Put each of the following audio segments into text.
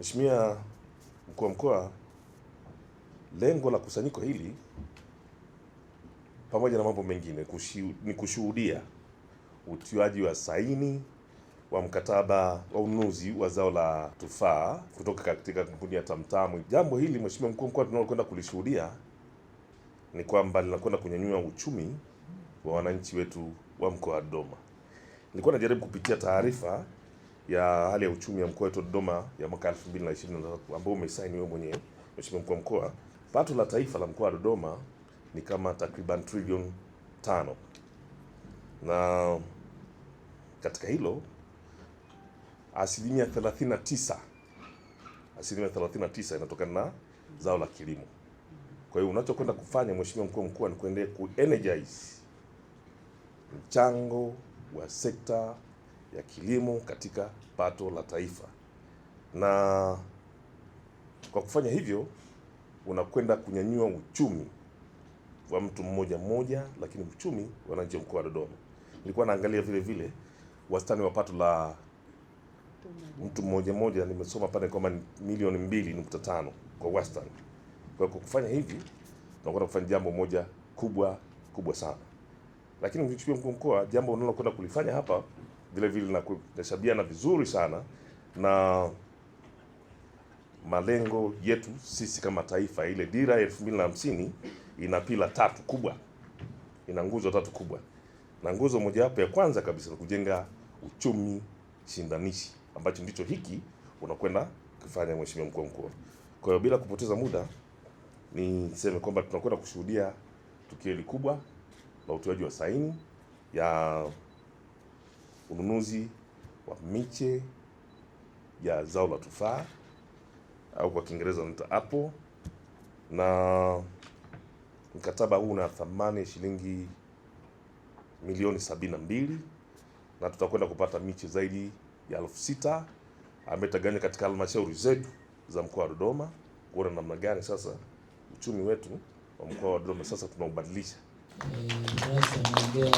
Mheshimiwa Mkuu wa Mkoa, lengo la kusanyiko hili pamoja na mambo mengine ni kushuhudia utiwaji wa saini wa mkataba wa ununuzi wa zao la tufaa kutoka katika kampuni ya Tamtamu. Jambo hili Mheshimiwa Mkuu wa Mkoa, tunalokwenda kulishuhudia ni kwamba linakwenda kunyanyua uchumi wa wananchi wetu wa mkoa wa Dodoma. Nilikuwa najaribu kupitia taarifa ya hali ya uchumi ya mkoa wetu Dodoma ya mwaka 2023 ambao umesaini wewe mwenyewe Mheshimiwa mkuu wa mkoa, pato la taifa la mkoa wa Dodoma ni kama takriban trilioni tano, na katika hilo asilimia 39 asilimia 39 inatokana na zao la kilimo. Kwa hiyo unachokwenda kufanya Mheshimiwa mkuu wa mkoa ni kuendelea ku energize mchango wa sekta ya kilimo katika pato la taifa, na kwa kufanya hivyo unakwenda kunyanyua uchumi wa mtu mmoja mmoja, lakini uchumi wa wananchi wa mkoa wa Dodoma. Nilikuwa naangalia vile vile wastani wa pato la mtu mmoja mmoja, nimesoma pale kwamba milioni mbili nukta tano kwa wastani. Kwa hiyo kufanya hivi tunakwenda kufanya jambo moja kubwa kubwa sana, lakini mheshimiwa mkuu mkoa, jambo unalokwenda kulifanya hapa vile vile na kuhesabiana vizuri sana na malengo yetu sisi kama taifa. Ile dira 2050 ina pila tatu kubwa, ina nguzo tatu kubwa, na nguzo mojawapo ya kwanza kabisa ni kujenga uchumi shindanishi, ambacho ndicho hiki unakwenda kufanya Mheshimiwa mkuu wa mkoa. Kwa hiyo bila kupoteza muda, niseme kwamba tunakwenda kushuhudia tukio hili kubwa la utoaji wa saini ya ununuzi wa miche ya zao la tufaa au kwa Kiingereza unaita apple, na mkataba huu una thamani shilingi milioni sabini na mbili na tutakwenda kupata miche zaidi ya elfu sita ambayo katika halmashauri zetu za mkoa wa Dodoma kuona namna gani sasa uchumi wetu wa mkoa wa Dodoma sasa tunaubadilisha. E, eh,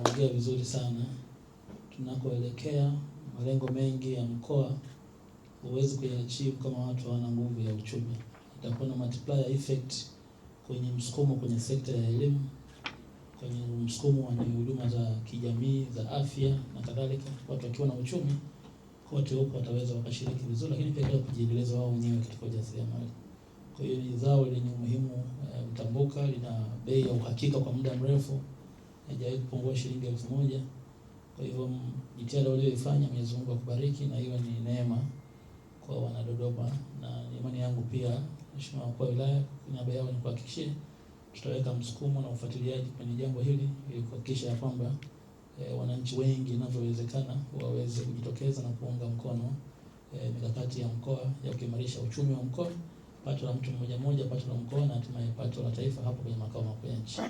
ameongea vizuri sana tunakoelekea, malengo mengi ya mkoa huwezi kuyachieve kama watu hawana nguvu ya uchumi. Itakuwa na multiplier effect kwenye msukumo kwenye sekta ya elimu, kwenye msukumo wa huduma za kijamii za afya na kadhalika. Watu wakiwa na uchumi kote huko wataweza wakashiriki vizuri, lakini pia kujiendeleza wao wenyewe katika ujasiriamali. Kwa hiyo ni zao lenye umuhimu e, eh, mtambuka, lina bei ya uhakika kwa muda mrefu, haijawahi kupungua shilingi elfu moja. Kwa hivyo jitihada ulioifanya Mwenyezi Mungu akubariki na hiyo ni neema kwa Wanadodoma, na imani yangu pia, Mheshimiwa mkuu wa wilaya, kwa niaba yao nikuhakikishie tutaweka msukumo na ufuatiliaji kwenye jambo hili ili kuhakikisha ya kwamba e, wananchi wengi inavyowezekana waweze kujitokeza na kuunga mkono e, mikakati ya mkoa ya kuimarisha uchumi wa mkoa, pato la mtu mmoja mmoja, pato la mkoa na hatimaye pato la taifa hapo kwenye makao makuu ya nchi.